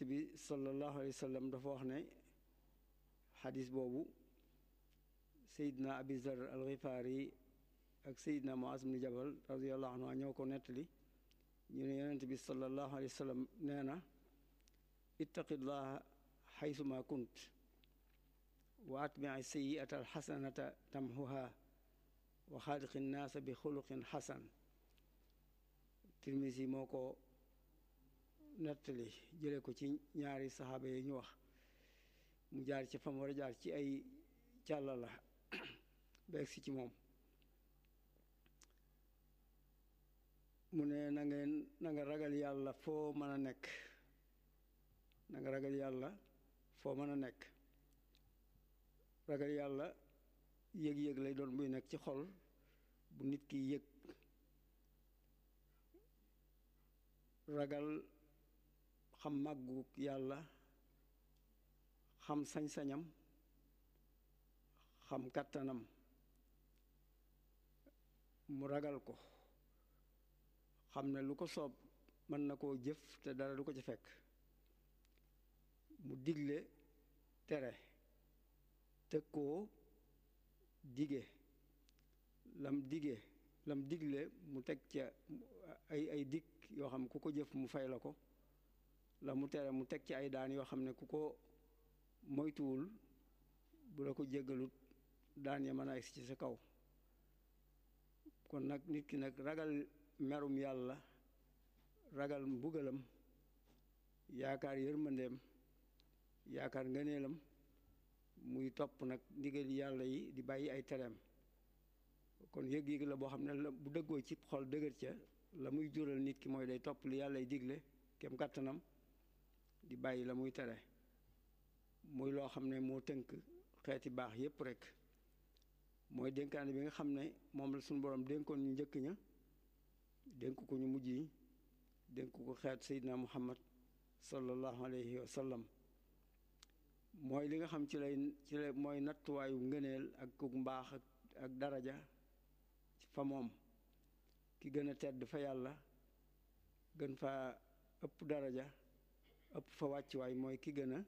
yonent bi sallallahu alayhi wa sallam dafa wax ne xadis boobu sayidna abi zar al xifaari ak sayidna muaz ibn jabal radiallahu anhu ñoo ko nettali ñu ne yonent bi sallallahu alayhi wa sallam nee na ittaqillaha xaysuma kunt wa atmii sayiata alxasanata tamxuha wa xaaliqi nnaasa bi xuluqin xasan tirmisi moo ko nettali jële ko ci ñaari saxaaba yi ñu wax mu jaar ci fam war a jaar ci ay càlla la beeg ci moom mu ne na ngeen ragal yàlla foo mën a nekk na ragal yàlla foo mën a nekk ragal yàlla yëg-yëg lay doon buy nekk ci xol bu nit ki yëg ragal xam màggu yàlla xam sañ-sañam xam kàttanam mu ragal ko xam ne lu ko soob mën na koo jëf te dara du ko ci fekk mu digle tere teg koo dige lam dige lam digle mu teg ca ay ay dig yoo xam ku ko jëf mu fay la ko la mu tere mu teg ci ay daan yoo xam ne ku ko moytuwul bu la ko jéggalut daan ya mën a ci sa kaw kon nag nit ki nag ragal merum yàlla ragal mbugalam yaakaar yërmandeem yaakaar ngëneelam muy topp nag ndigal yàlla yi di bàyyi ay tereem kon yëg-yëg la boo xam ne la bu dëggoo ci xol dëgër ca la muy jural nit ki mooy day topp li yàlla digle kem kàttanam di bàyyi la muy tere muy loo xam ne moo tënk xeeti baax yépp rek mooy dénkaane bi nga xam ne moom la suñu boroom dénkoon njëkk ña dénk ko ñu mujj yi dénk ko xeet Seydina Muhammad sallallahu alayhi wa mooy li nga xam ci lay ci lay mooy nattuwaayu ngëneel ak ku mbaax ak ak daraja fa moom ki gën a tedd fa yàlla gën fa ëpp daraja ëpp fa wàccuwaay mooy ki gëna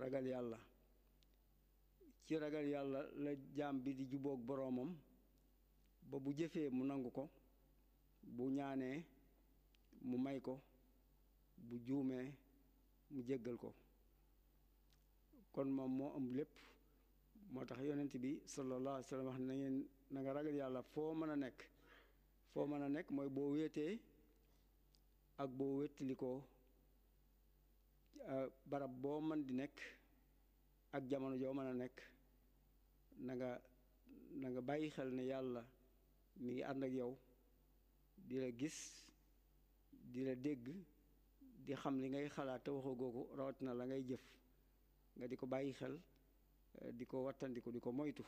ragal yàlla ci ragal yàlla la jaam bi di jubóog boroomam ba bu jëfee mu nangu ko bu ñaanee mu may ko bu juumee mu jéggal ko kon moom moo am lépp moo tax yonent bi sallallahu alayhi wax na nga ragal yàlla foo mën a nekk foo mën a nekk mooy boo wéetee ak boo ko Euh, barab boo mën di nekk ak jamono joo mën a nekk nanga nga na nga bàyyi xel ne yàlla mi ngi ànd ak yow di la gis di la dégg di xam li ngay xalaat te waxoo googu rawat na la ngay jëf nga di ko bàyyi xel euh, di ko wattandiku di ko moytu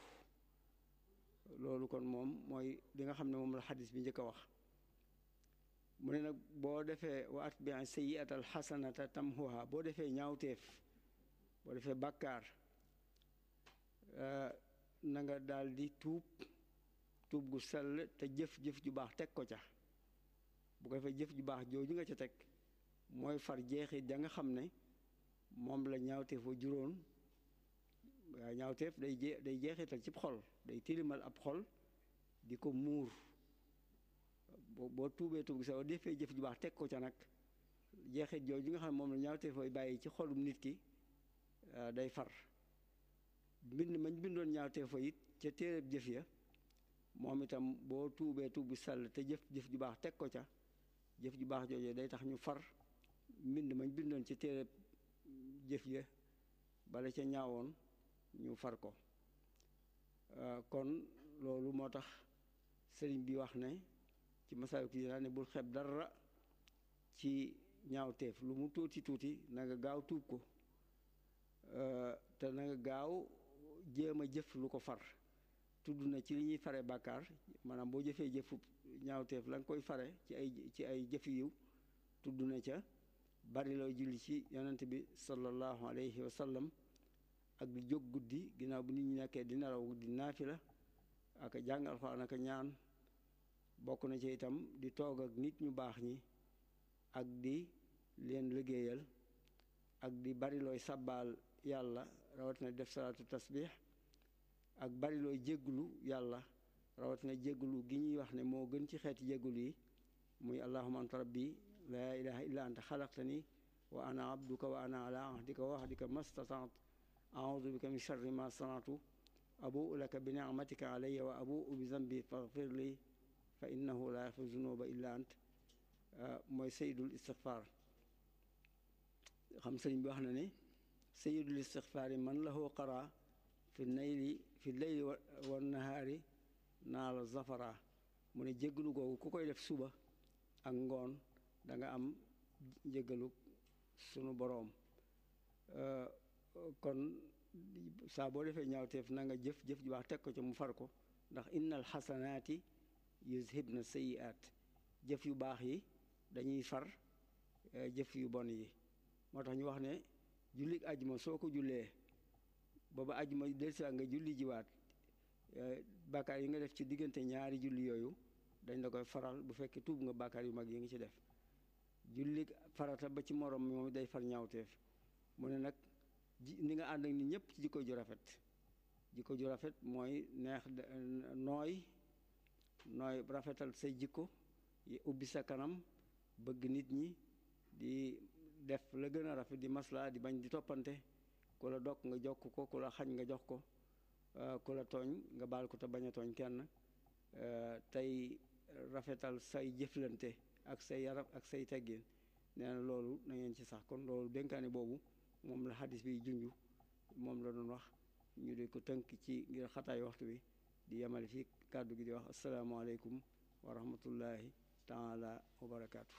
loolu kon moom mooy li nga xam ne moom la xadis bi njëkk a wax mu ne nag boo defee wa atbi sayiata alxasanata tamhuha boo defee ñaawteef boo defee bàkkaar euh, na nga daal di tuub tuub gu sell te jëf-jëf ju baax teg ko ca bu ko defee jëf ju baax jooju nga ca teg mooy far jeexee da xam ne moom la ñaawteef wa juróon ñaawteef day day jeexital ci xol day tilimal ab xol di ko muur boo tuubee tuub gi sax defee jëf ju baax teg ko ca nag jeexit jooju nga xam ne moom la ñaawteef fooy bàyyi ci xolum nit ki ah, day far mbind mañ bindoon ñaawteef fa ca jëf ya moom itam boo tuubee tuub bu te jëf jëf ju baax teg ko ca jëf ju baax jooju day tax ñu far mbind mañ bindoon ca téeréb jëf ya bala ca ñaawoon ñu far ko ah, kon loolu moo tax sëriñ bi wax ne ci masaayu kii daa ne bul xeb dara ci ñaawteef lu mu tuuti tuuti na gaaw tuub ko euh, te na gaaw jéem a jëf lu ko far tudd na ci li ñuy fare bàkkaar maanaam boo jëfee jëfu ñaawteef la nga koy fare ci ay ci ay jëf yiw tudd na ca bari loo julli ci yonent bi sallallahu alayhi wa ak di jóg guddi ginnaaw bu nit ñi nekkee di nelaw guddi naafi la ak jàng alxuraan ak ñaan bokk na ci itam di toog ak nit ñu baax ñi ak di leen liggéeyal ak di bari looy sabbaal yàlla rawatina def salaatu tasbix ak bari looy jégglu yàlla rawatina jégglu gi ñuy wax ne moo gën ci xeet jégglu yi muy allahuma anta rabbi laa ilaha illa anta xalaqtani wa ana abduka wa ana ala ahdika wa ahdika mastatant audu bika min charri ma sanatu abuu laka bi nicmatika alayya wa abuu bi zambi faghfir fa innahu la yaxfiru zunuba illa ant ah, mooy sayidul istixfaar xam sëriñ bi wax na ne sayidul istixfaar yi man lahu qara fi nayli fi leyli wa nahaari naala zafara mu ne jéggalu googu ku koy def suba ak ngoon danga am jéggalu sunu boroom ah, kon saa boo defee ñaawteef na nga jëf jëf ju teg ko ca mu far ko ndax innal xasanaati na yuzhibna at jëf yu baax yi dañuy far eh, jëf yu bon yi moo tax ñu wax ne julli ajuma soo ko jullee booba ajuma dellusiwaat nga julli jiwaat eh, bakaar yi nga def ci diggante ñaari julli yooyu dañ la koy faral bu fekkee tuub nga bàkkaar yu mag yi nga ci def julli farata ba ci moroom moom day far ñaawteef mu ne nag ni nga ànd ak nit ñëpp ci jikko ju rafet jikko ju rafet mooy neex eh, nooy nooy rafetal say jikko ubbi sa kanam bëgg nit ñi di def la gën a rafet di maslaa di bañ di toppante ku la dokk nga jokk ko ku la xañ nga jox ko euh, ku la tooñ nga baal ko te bañ a tooñ kenn euh, tey rafetal say jëflante ak say yaram ak say teggin nee na loolu na ngeen ci sax kon loolu dénkaane boobu moom la xadis bi junj moom la doon wax ñu di ko tënk ci ngir xataay waxtu wi di yemale fii kàddu gi di wax asalaamaaleykum wa rahmatullahi taala wa barakaatu.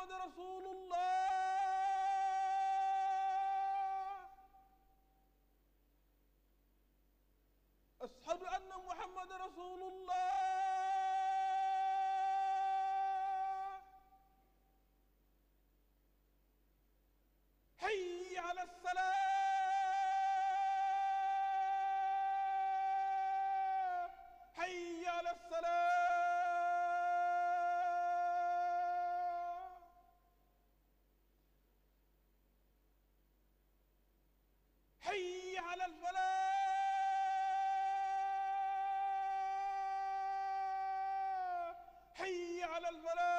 محمد رسول الله أشهد أن محمد رسول الله حي على السلام حي على السلام على الفلاح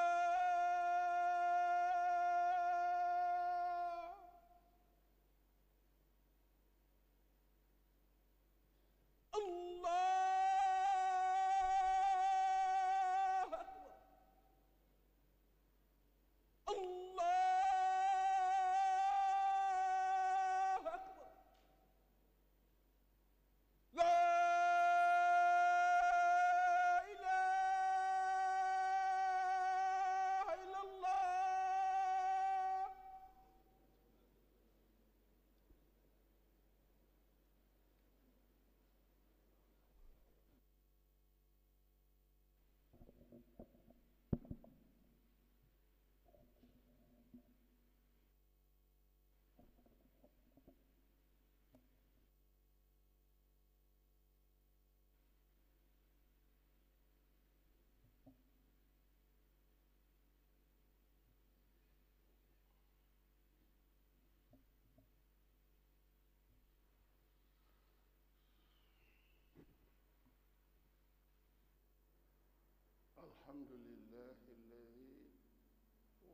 الحمد لله الذي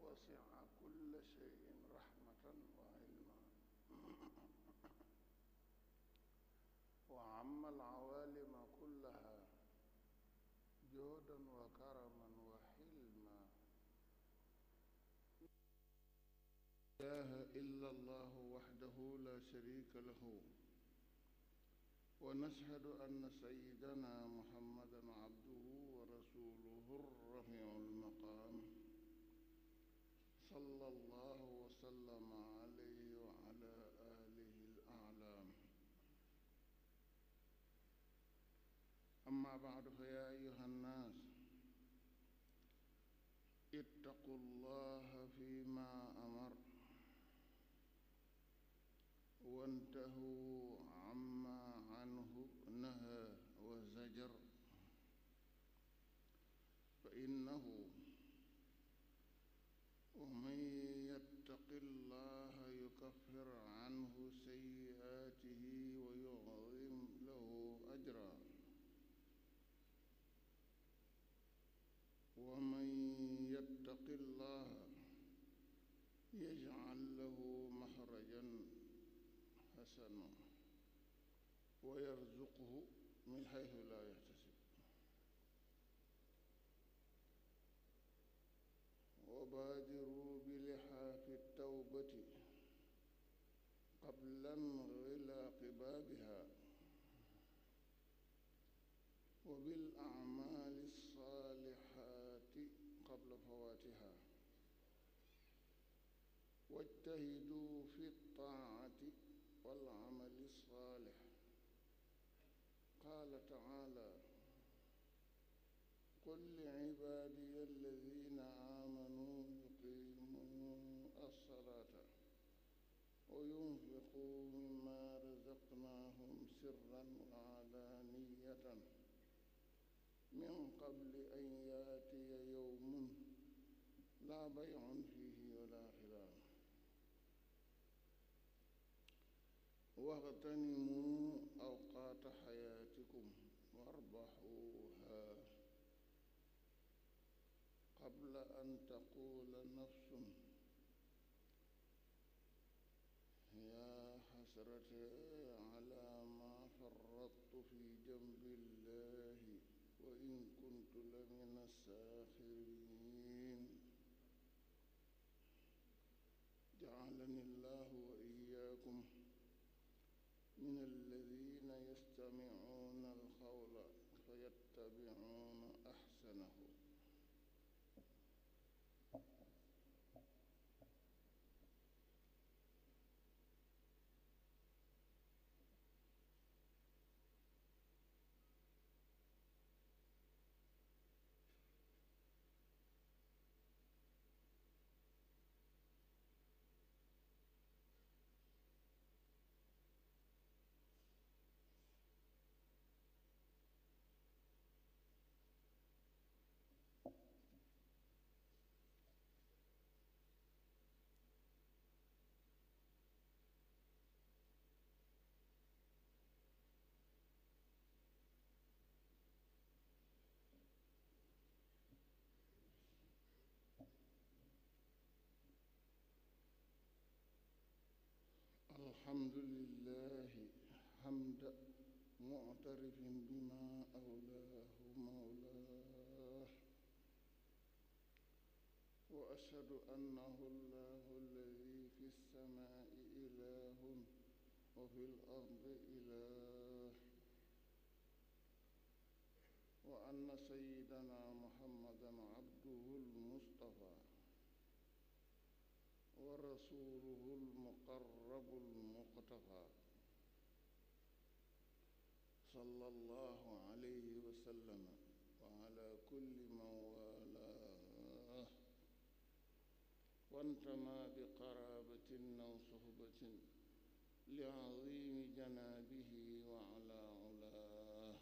وسع كل شيء رحمة وعلما وعم العوالم كلها جودا وكرما وحلما لا إله إلا الله وحده لا شريك له ونشهد أن سيدنا محمدا عبده القبر رفيع المقام صلى الله وسلم عليه وعلى آله الأعلام أما بعد فيا أيها الناس اتقوا الله فيما أمر وانتهوا فإنه ومن يتق الله يكفر عنه سيئاته ويعظم له أجرا ومن يتق الله يجعل له مخرجا حسنا ويرزقه من حيث لا يحتسب وبادروا بلحاف التوبة قبل انغلاق بابها وبالأعمال الصالحات قبل فواتها واجتهدوا في الطاعة والعمل الصالح قال تعالى قل لعبادي وينفقوا مما رزقناهم سرا وعلانية من قبل أن يأتي يوم لا بيع فيه ولا خلال واغتنموا الحسرة على ما فرطت في جنب الله وإن كنت لمن الساخرين جعلني الله وإياكم من الذين يستمعون القول فيتبعون أحسنه alhamdulillahi hamda mu'tarifin bima awlaahu mawlaah wa ashhadu annahu allahu alladi fi samaai ilaahun wa fi lardi ilaah wa anna sayyidana muhammadan abduhu almustafaa wa rasuluhu almuqarrabu almuqtafa sallallahu alayhi wa sallama wa ala kulli man waalaah wantama bi qarabatin aw suhbatin li azimi janabihi wa ala ulaah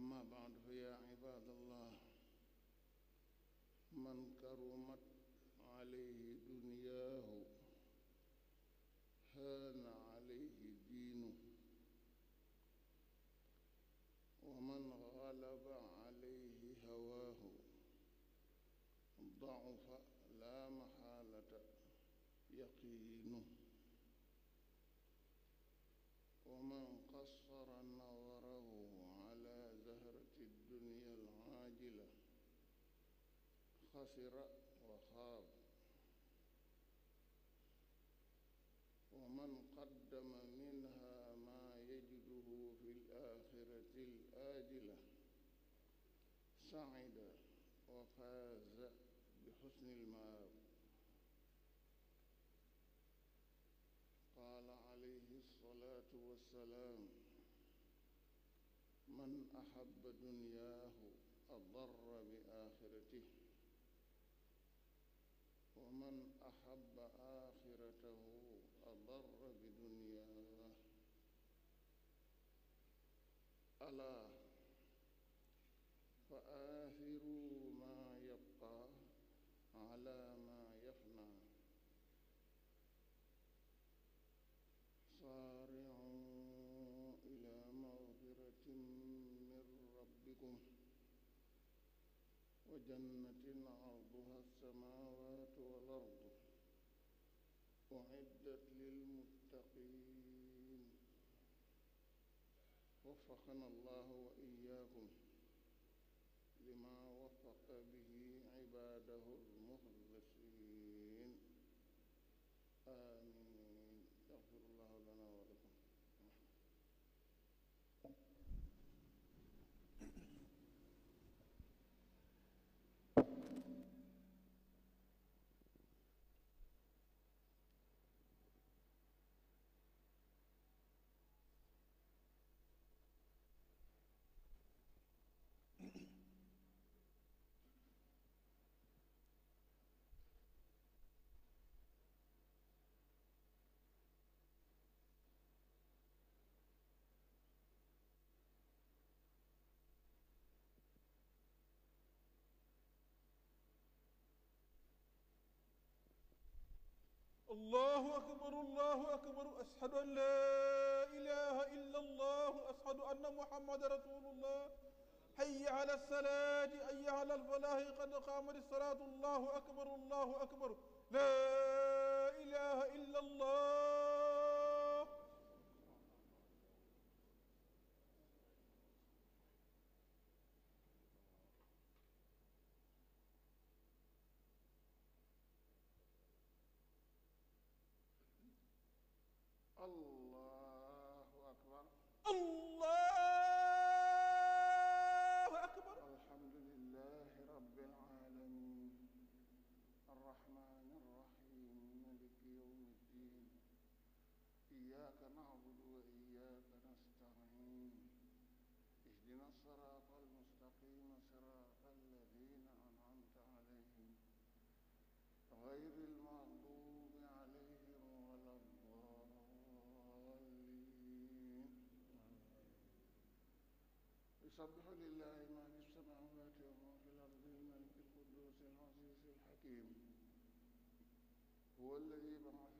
amma ba'du fa ya ibadallah من كرمت عليه دنياه هان عليه دينه ومن غلب عليه هواه ضعف لا محالة يقينه ومن خسر وخاب ومن قدم منها ما يجده في الآخرة الآجلة سعد وفاز بحسن المآب قال عليه الصلاة والسلام من أحب دنياه أضر بآخرته wa man axaba axiratahu adarra bi dunyaa alaa fa aaxiru maa yabqaa alaa maa yafnaa saari'uu ilaa magfiratin min rabbikum وجنة عرضها السماوات والأرض أعدت للمتقين وفقنا الله وإياكم لما وفق به عباده المخلصين آه allahu akbar allahu akbar ashhadu an laa ilaha illa allah ashhadu anna muhammada rasulullah hayya ala salaati hayya ala alfalaahi qad qaamat salaatu allahu akbar allahu akbar laa ilaha illa allah Allah يسبح لله ما في السماوات وما في الأرض الملك القدوس العزيز الحكيم هو الذي بعث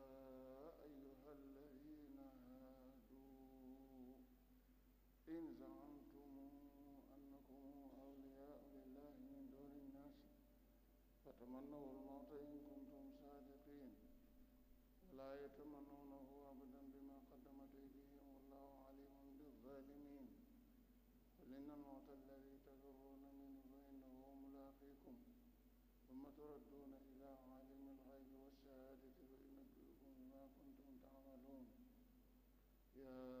إن زعمتم أنكم أولياء لله من دون الناس فتمنوا الموت إن كنتم صادقين ولا يتمنونه أبدا بما قدمت أيديهم والله عليم بالظالمين قل إن الموت الذي تفرون منه فإنه ملاقيكم ثم تردون إلى عالم الغيب والشهادة فينبئكم بما كنتم تعملون يا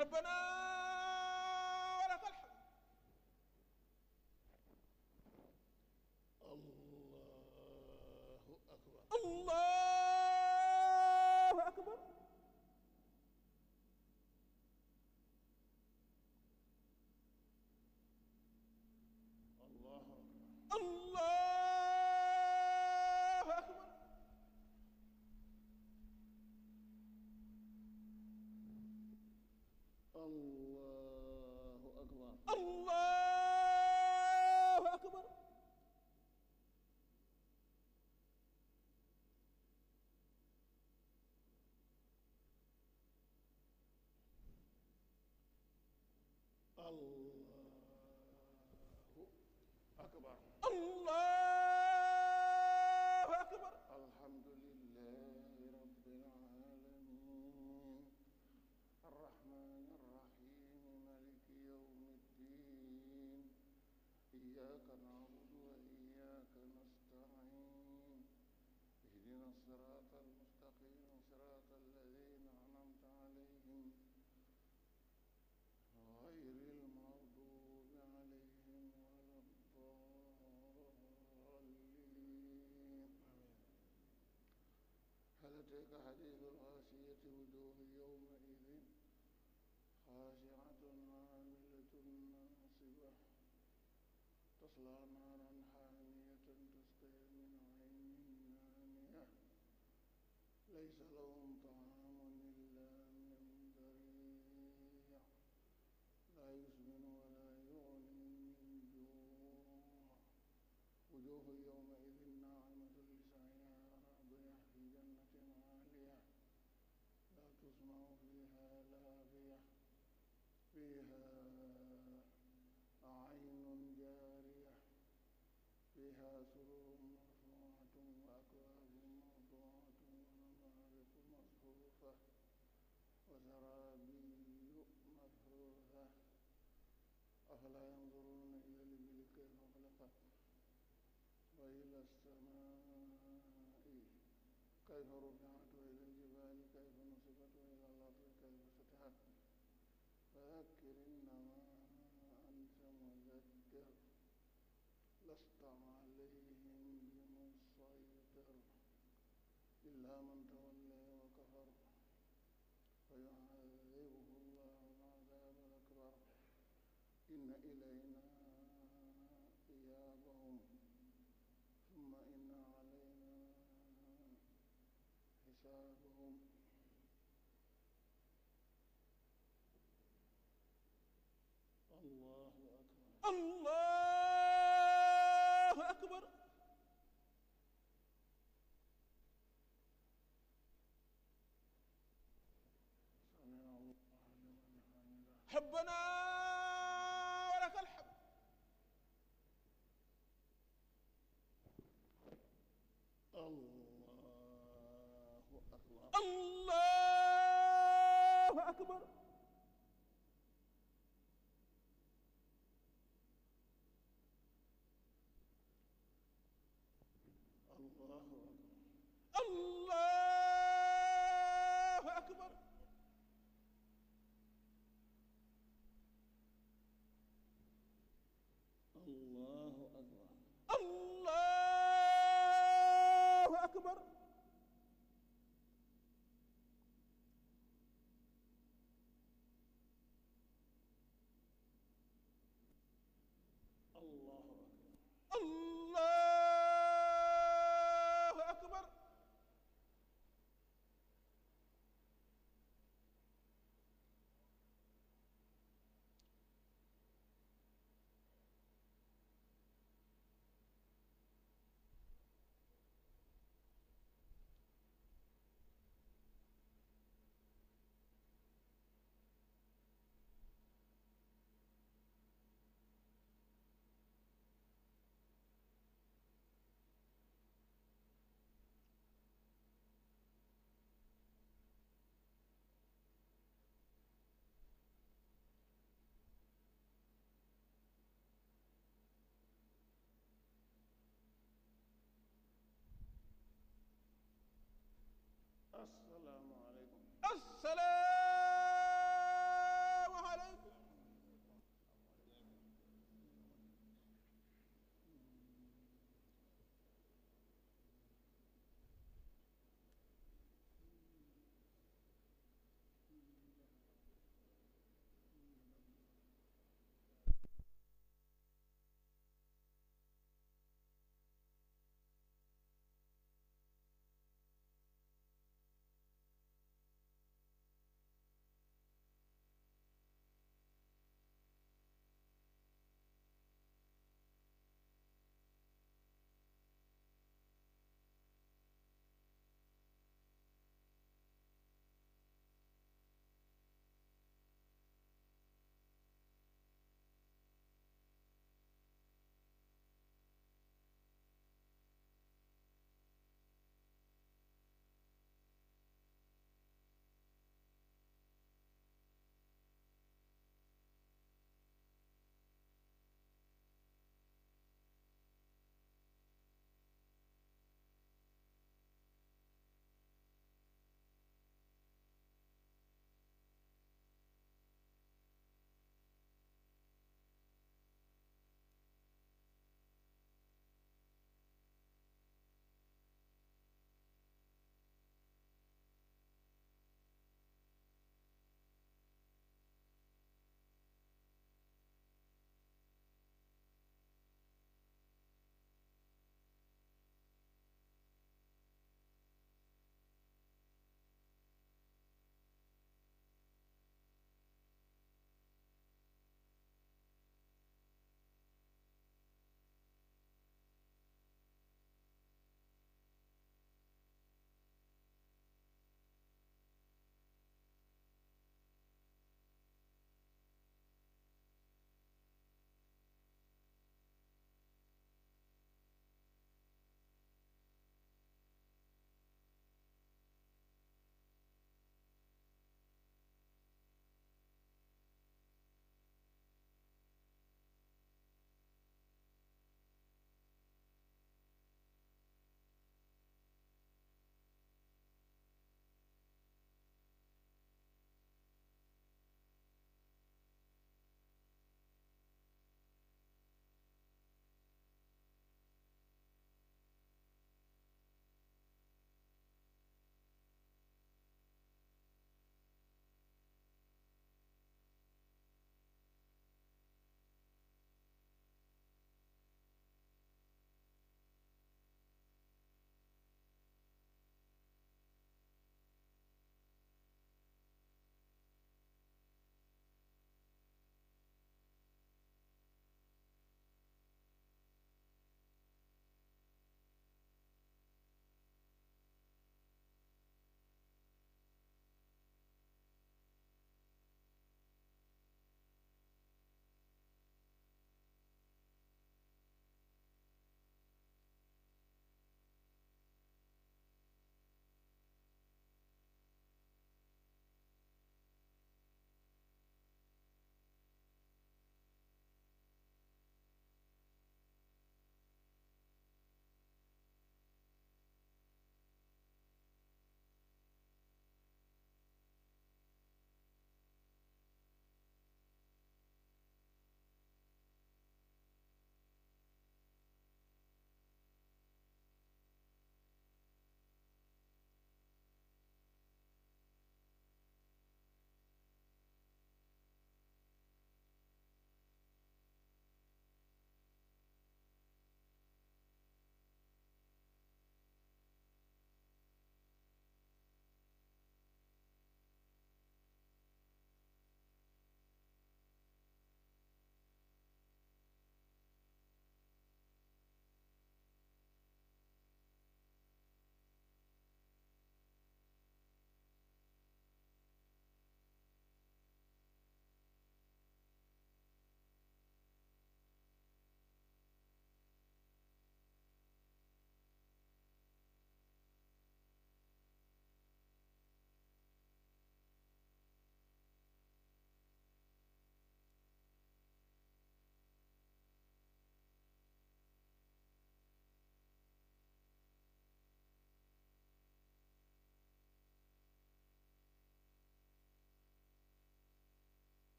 حبنا الله أكبر الله ذلك حديث الغاشية وجوه يومئذ خاشعة عاملة ناصبة تصلى نارا حامية تسقي من عين آنية ليس لهم فيها عين جارية فيها سرور مرفوعة وأكواب موضوعة ونمارق مصفوفة وزرابي مبثوثة أفلا ينظرون إلى الإبل كيف خلقت وإلى السماء كيف رفعت ذاكر إنما أنت مذكر لست عليهم بمسيطر إلا من تولي وكفر فيعذبه الله العذاب الأكبر إن إلينا allahu akbar habana Allah